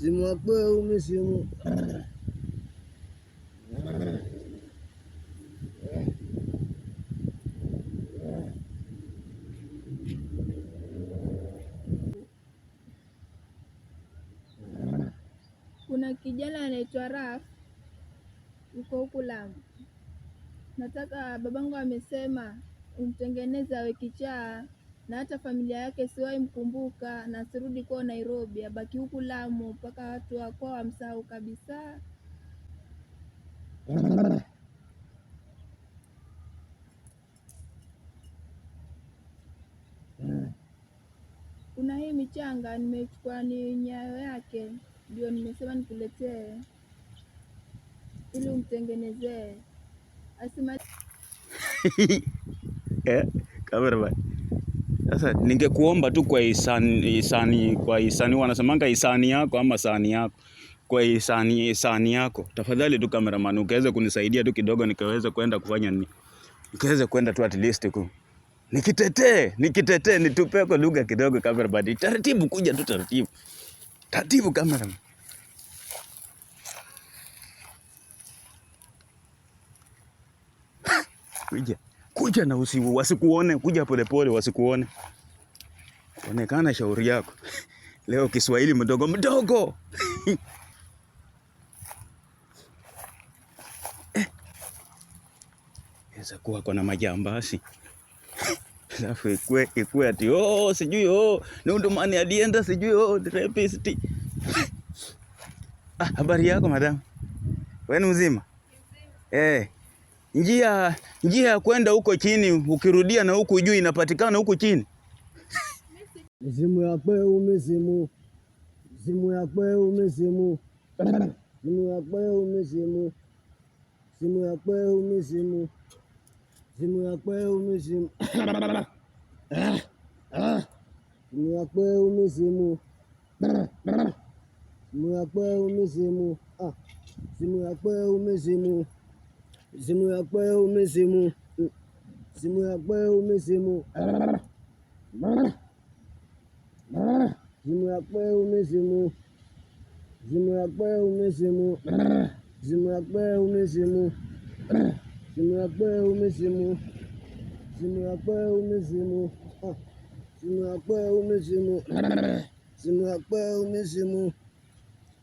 zimakwe umisimu Kuna kijana anaitwa Raf uko huku Lamu. Nataka babangu amesema umtengeneze awe kichaa na hata familia yake siwahi mkumbuka, na sirudi kwao Nairobi, abaki huku Lamu mpaka watu wa wamsahau kabisa. Kuna hii michanga nimechukua, ni nyayo yake ndio nimesema nikuletee ili umtengenezee asima. Eh, cameraman sasa ningekuomba tu kwa hisani, hisani, kwa hisani wanasemanga hisani yako ama sani yako kwa hisani, hisani yako tafadhali tu cameraman, ukaweza kunisaidia tu kidogo, nikaweza kwenda kufanya nini, nikaweza kwenda tu at least ku nikitetee nikitetee nitupe kwa lugha kidogo cameraman, taratibu kuja tu taratibu taratibu cameraman. kuja kuja na usi, wasikuone, kuja polepole wasikuone. Onekana shauri yako leo, Kiswahili mdogo mdogo eh. kuwa kona majambasi alafu ikue ikue ati oh, sijui oh, nundumani alienda sijui oh, rapist Ah, habari yako madamu wenu mzima eh? njia njia ya kwenda huko chini ukirudia na huku juu inapatikana huku chini. Mzimu ya kweu mizimu, mzimu ya kweu mizimu, mzimu ya kweu mzimu mzimu ya kweu mzimu mzimu ya kweu mzimu mzimu ya kweu mzimu mzimu ya kweu mzimu ah, mzimu ya kweu mzimu Simu ya kweo umesimu, simu ya kweo umesimu, simu ya kweo umesimu, simu ya kweo umesimu, simu ya kweo umesimu, simu ya kweo umesimu, simu ya kweo umesimu, simu ya kweo umesimu, simu ya kweo umesimu,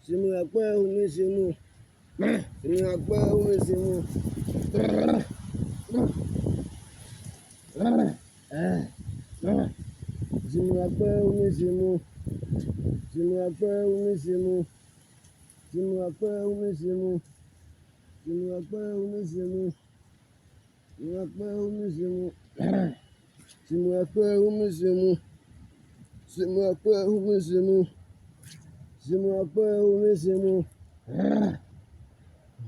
simu ya kweo umesimu ìrìnàgbẹ́ oríṣi wọn. ìrìnàgbẹ́ oríṣi wọn. ìrìnàgbẹ́ oríṣi wọn. ìrìnàgbẹ́ oríṣi wọn. ìrìnàgbẹ́ oríṣi wọn. ìrìnàgbẹ́ oríṣi wọn. ìrìnàgbẹ́ oríṣi wọn. ìrìnàgbẹ́ oríṣi wọn. ìrìnàgbẹ́ oríṣi wọn.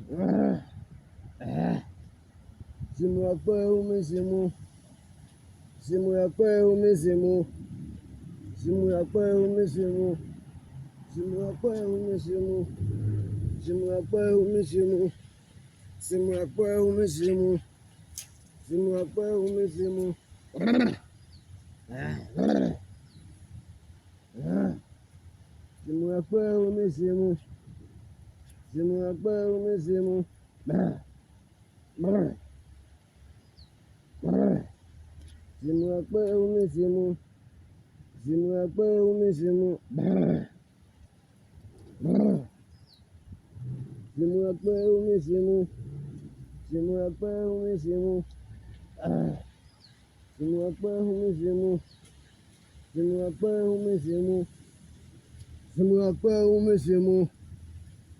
Simulakwe umesimu simulakwe umesimu simulakwe umesimu simulakwe umesimu simulakwe umesimu simulakwe umesimu simulakwe umesimu simulakwe umesimu sí mi ọpẹ́ omi sí mu bẹ́ẹ̀ bẹ́ẹ̀ bẹ́ẹ̀ sí mi ọpẹ́ omi sí mu sí mi ọpẹ́ omi sí mu bẹ́ẹ̀ bẹ́ẹ̀ sí mi ọpẹ́ omi sí mu sí mi ọpẹ́ omi sí mu sí mi ọpẹ́ omi sí mu sí mi ọpẹ́ omi sí mu sí mi ọpẹ́ omi sí mu.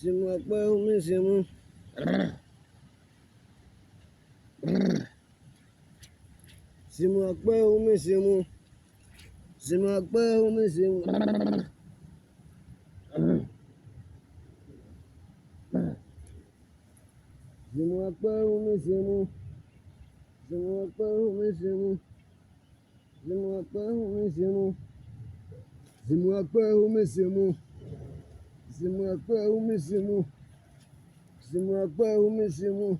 sì mọ̀ pé omi sì mú. sì mọ̀ pé omi sì mú. sì mọ̀ pé omi sì mú. sì mọ̀ pé omi sì mú. sì mọ̀ pé omi sì mú. sì mọ̀ pé omi sì mú. sì mọ̀ pé omi sì mú. Simu ya kweu simu simu ya kweu misimu,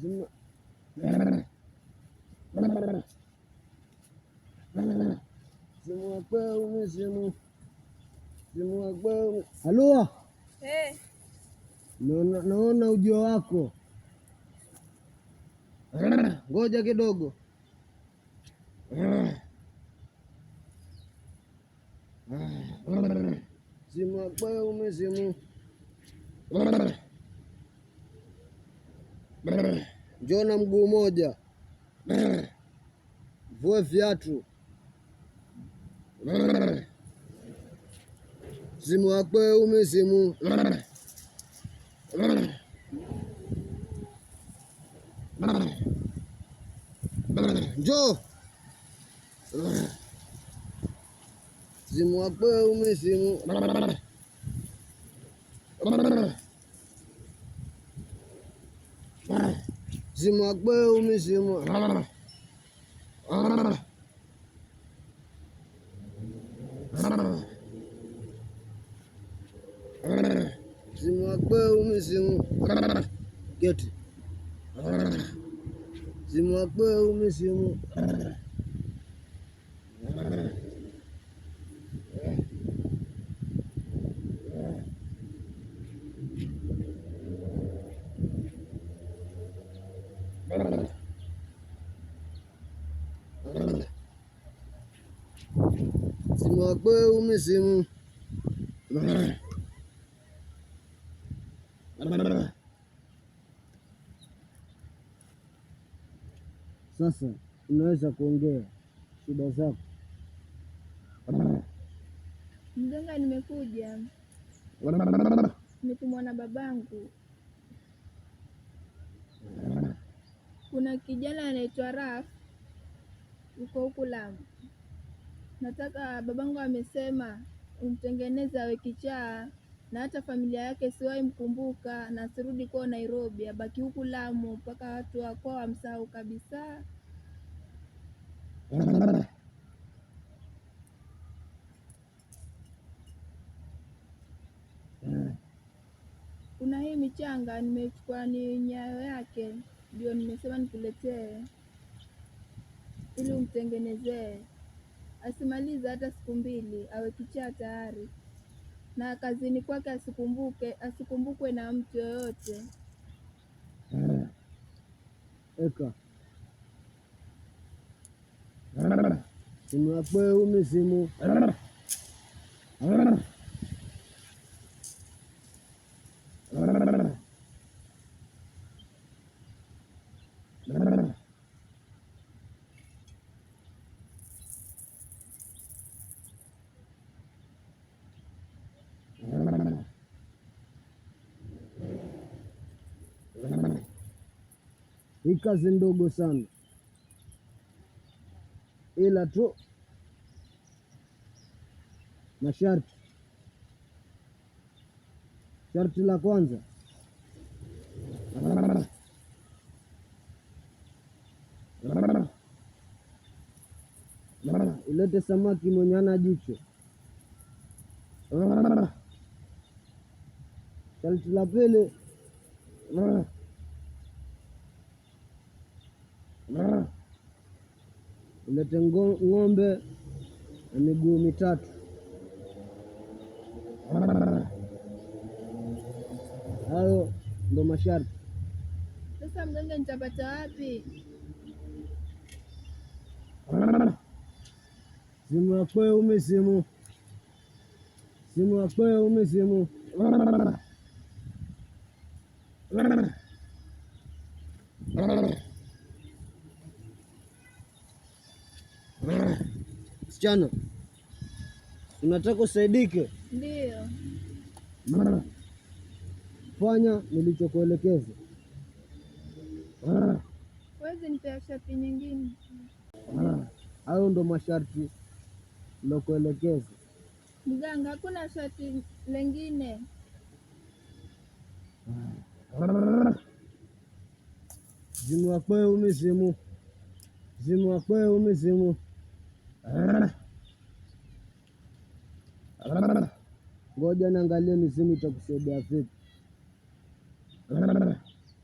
simu ya kweu misimu, simu ya kweu. Halo, eh. naona ujio wako, ngoja kidogo. Eh. Zima baya umezimu. Njoo na mguu moja. Vua viatu. Zimu akwe umezimu. Njoo. Simu apa umi simu? Simu apa umi simu? Simu apa umi simu? Get. Simu apa umi simu? akwe umizimu Sasa unaweza kuongea shida zako. Mganga, nimekuja nikumwona babangu. Kuna kijana anaitwa Raf, uko huku Lamu nataka babangu amesema umtengeneze awe kichaa, na hata familia yake siwahi mkumbuka, na asirudi kwao Nairobi, abaki huku Lamu mpaka watu wakwao wamsahau kabisa. Kuna hii michanga nimechukua, ni nyayo yake ndio nimesema nikuletee ili umtengenezee asimalize hata siku mbili, awe kichaa tayari, na kazini kwake asikumbuke, asikumbukwe na mtu yoyote. Eh, eka simu yakwe umi simu Hii kazi ndogo sana, ila tu na sharti. Sharti la kwanza ilete samaki mwenye ana jicho. Sharti la pili Ulete ng'ombe na miguu mitatu, hayo ndo masharti. Sasa mganga, nitapata wapi simu ya kweu? Mi simu simu ya kweu? Mi simu msichana, unataka usaidike? Ndio. Fanya nilichokuelekeza. Wezi nipea sharti nyingine. Hayo ndo masharti nakuelekeza. Mganga, hakuna sharti lengine. Zimu akwe umizimu, zimu akwe umizimu Ngoja niangalie mizimu itakusaidia vipi.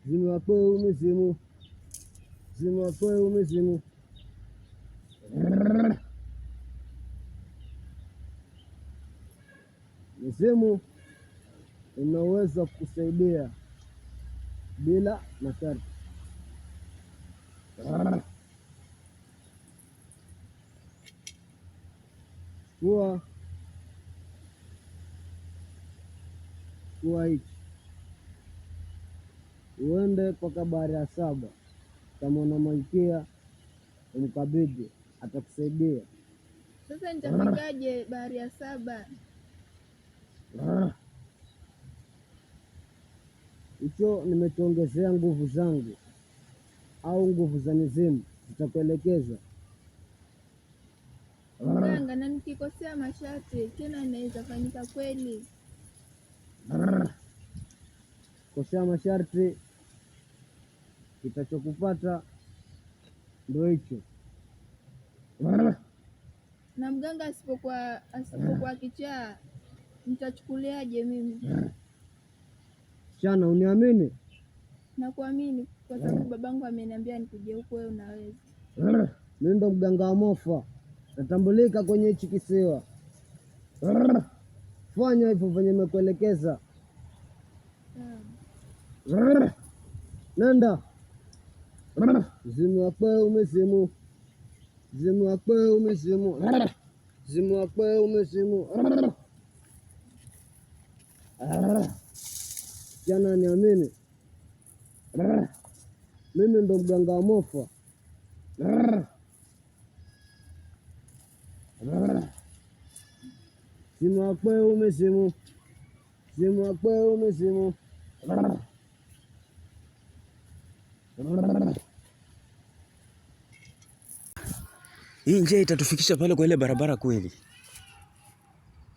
Mzimu wako huu, mizimu mzimu wako huu, mizimu mizimu inaweza kukusaidia bila masharti. kuwa kuwa hichi uende mpaka bahari ya saba, kama una malkia umkabidhi, atakusaidia. Sasa ah. nitafikaje bahari ya saba? Ah. Hicho nimetuongezea nguvu zangu au nguvu za mizimu, zitakuelekeza na nikikosea masharti tena inaweza fanyika kweli? Kosea masharti, kitachokupata ndo hicho. Na mganga asipokuwa asipokuwa kichaa, nitachukuliaje mimi? Chana, uniamini? Nakuamini kwa sababu babangu ameniambia nikuje huko, wewe unaweza. Mimi ndo mganga wa mofa natambulika kwenye hichi kisiwa. Fanya hivyo venye nimekuelekeza. Nenda zimu akwe umesimu, zimu akwe umesimu, zimu akwe umesimu. Jana niamini, mimi ndo mganga wa mofa. Simu akwe ume simu simu akwe ume simu hii njia itatufikisha pale kwa ile barabara kweli?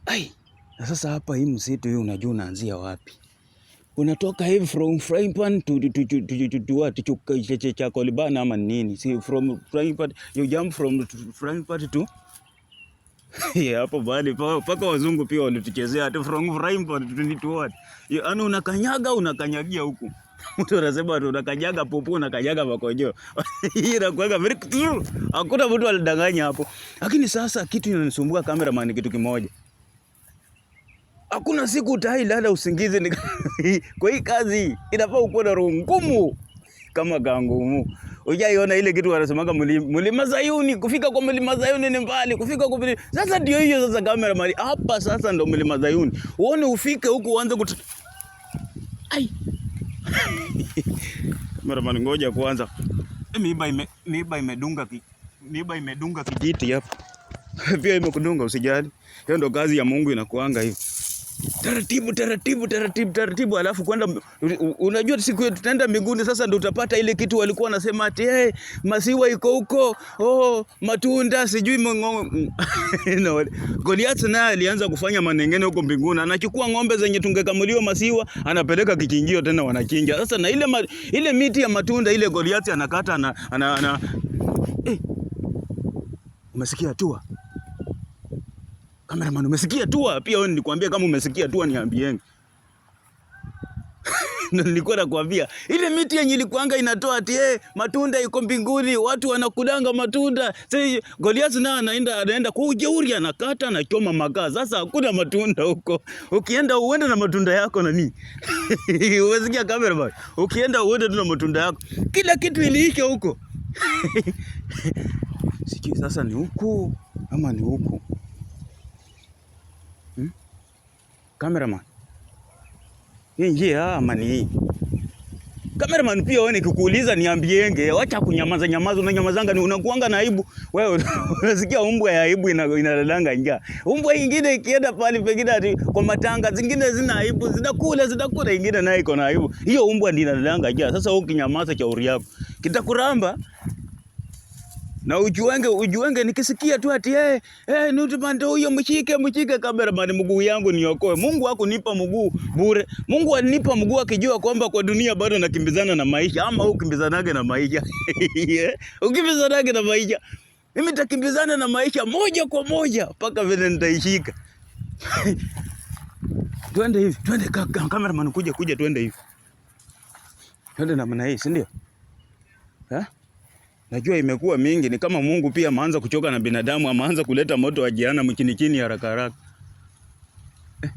Ai, na sasa hapa hii msitu hii unajua unaanzia wapi? Unatoka hivi from frying pan to to to to to cha kolibana ama nini? Si from frying pan you jump from frying pan to hapo bali paka wazungu pia walituchezea ati from rhyme for 2021. Yaani unakanyaga unakanyagia huku. Mtu anasema ati unakanyaga popo unakanyaga makojo. Hii inakuwa very true. Hakuna mtu alidanganya hapo. Lakini sasa kitu inanisumbua cameraman kitu kimoja. Hakuna siku utai lala usingizi ni... kwa hii kazi inafaa ukuwe na roho ngumu kama gangumu. Ujaiona ile kitu wanasemaga mlima, mlima Zayuni, kufika kwa mlima Zayuni ni mbali, kufika kwa mlima. Sasa ndio hiyo sasa kamera mali. Hapa sasa ndio mlima Zayuni. Uone ufike huku uanze kut Ai. kamera mali, ngoja kwanza. Eh, miiba ime miiba imedunga ki miiba imedunga kijiti hapa. Pia imekudunga usijali. Hiyo ndio kazi ya Mungu inakuanga hiyo taratibu taratibu taratibu taratibu, alafu kwenda. Unajua siku hiyo tutaenda mbinguni, sasa ndio utapata ile kitu walikuwa wanasema ati hey, eh, masiwa iko huko, oh, matunda sijui mngo no. Goliath naye alianza kufanya manengene huko mbinguni, anachukua ng'ombe zenye tungekamuliwa masiwa, anapeleka kichinjio tena wanachinja. Sasa na ile, ma, ile miti ya matunda ile Goliath anakata ana, ana, ana, eh, umesikia hatua Cameraman umesikia tu Pia wewe nilikwambia kama umesikia tua niambieni. Nilikuwa nakwambia ile miti yenye ilikuanga inatoa ati eh, matunda iko mbinguni, watu wanakudanga matunda. Sasa Goliath naye anaenda anaenda kwa ujeuri anakata na choma makaa. Sasa hakuna matunda huko. Ukienda uende na matunda yako na nini? Umesikia cameraman? Ukienda uende tu na matunda yako. Kila kitu iliike huko. Sijui sasa ni huku ama ni huku. Cameraman. Hii njia amani ah, hii. Cameraman pia wewe nikikuuliza niambienge, wacha kunyamaza nyamaza, unanyamazanga ni unakuanga na aibu. Wewe unasikia umbwa ya aibu inalalanga ina njaa. Umbwa nyingine ikienda pale pengine ati kwa matanga, zingine zina aibu, zinakula zinakula, nyingine nayo iko na aibu. Hiyo umbwa ndio inalalanga njaa. Sasa wewe ukinyamaza, shauri yako. Kitakuramba na ujuenge ujuenge, nikisikia tu ati eh hey, hey, eh Newman huyo, mshike mshike cameraman, mguu yangu niokoe. Mungu hakunipa mguu bure. Mungu alinipa mguu akijua kwamba kwa dunia bado nakimbizana na maisha, ama ukimbizanage na maisha yeah. Ukimbizanage na maisha, mimi nitakimbizana na maisha moja kwa moja mpaka vile nitaishika. Twende hivi, twende cameraman, kuja kuja, twende hivi, twende namna hii, si ndio eh? Najua imekuwa mingi, ni kama Mungu pia ameanza kuchoka na binadamu, ameanza kuleta moto wa jiana chini chini haraka haraka. Eh,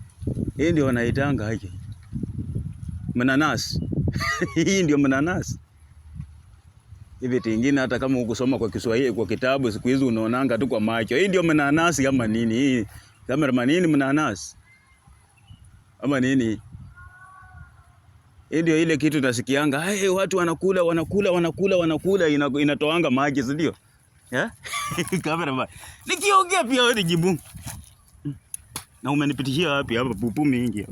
Hii ndio wanaitanga haki. Mnanasi. Hii ndio mnanasi. Hivi tingine hata kama ukusoma kwa Kiswahili kwa kitabu siku hizi unaonanga tu kwa macho. Hii ndio mnanasi kama nini? Hii kama nini mnanasi? Ama nini? Hii ndio ile kitu tunasikianga, hey, watu wanakula wanakula wanakula wanakula inatoanga maji si ndio? Yeah? Kamera mbaya. Nikiongea pia wewe jibu. Na umenipitishia wapi hapa pupu mingi.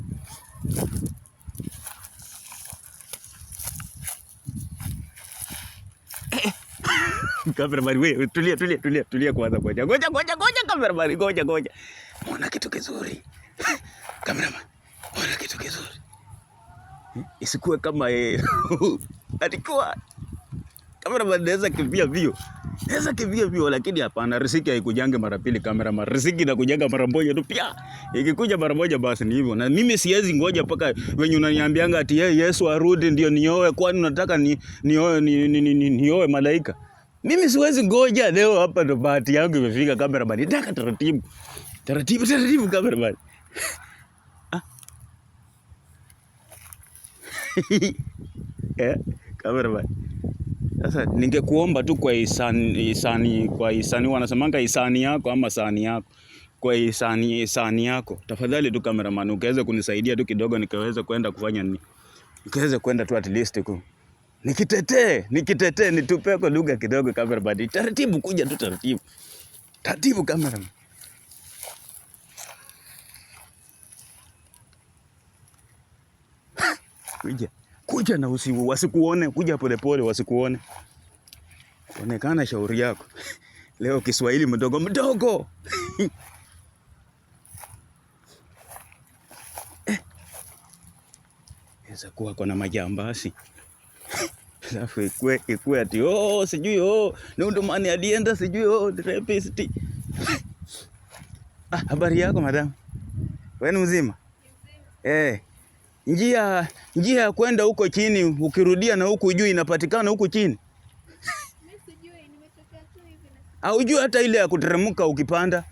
Kamera mbaya, wewe tulia tulia tulia tulia kwanza ngoja. Ngoja ngoja ngoja kamera mbaya, ngoja ngoja. Ona kitu kizuri. Kamera mbaya. Ona kitu kizuri isikuwe kama yeye alikuwa kameraman naweza kivia vio, naweza kivia vio, lakini hapana, riziki haikujange mara pili. Kameraman, riziki inakujanga mara moja tu, pia ikikuja mara moja basi ni hivyo. Na mimi siwezi ngoja mpaka wenye unaniambianga ati yeye Yesu arudi ndio nioe. Kwani unataka ni nioe ni, ni, ni, ni, nioe malaika? Mimi siwezi ngoja leo. Hapa ndo bahati yangu imefika. Kameraman, nataka taratibu taratibu taratibu, kameraman eh, cameraman. Sasa ningekuomba tu kwa isani, isani, kwa isani wanasemanga isani yako ama sani yako kwa isani, isani yako tafadhali tu cameraman, ukaweza kunisaidia tu kidogo, nikaweza kwenda kufanya nini, nikaweza kwenda tu at least ku nikitetee nikitetee nitupeko lugha kidogo cameraman, taratibu kuja tu taratibu taratibu cameraman. kuja kuja na usi wasikuone, kuja polepole pole, wasikuone. Onekana shauri yako leo, Kiswahili mdogo mdogo eh. weza kuwa kona majambasi alafu ikwe ikwe ati oh, sijui oh, nundomani alienda sijui oh, rapist ah, habari yako madamu wenu mzima eh? njia njia ya kwenda huko chini ukirudia na huku juu inapatikana huku chini haujui hata ile ya kuteremka ukipanda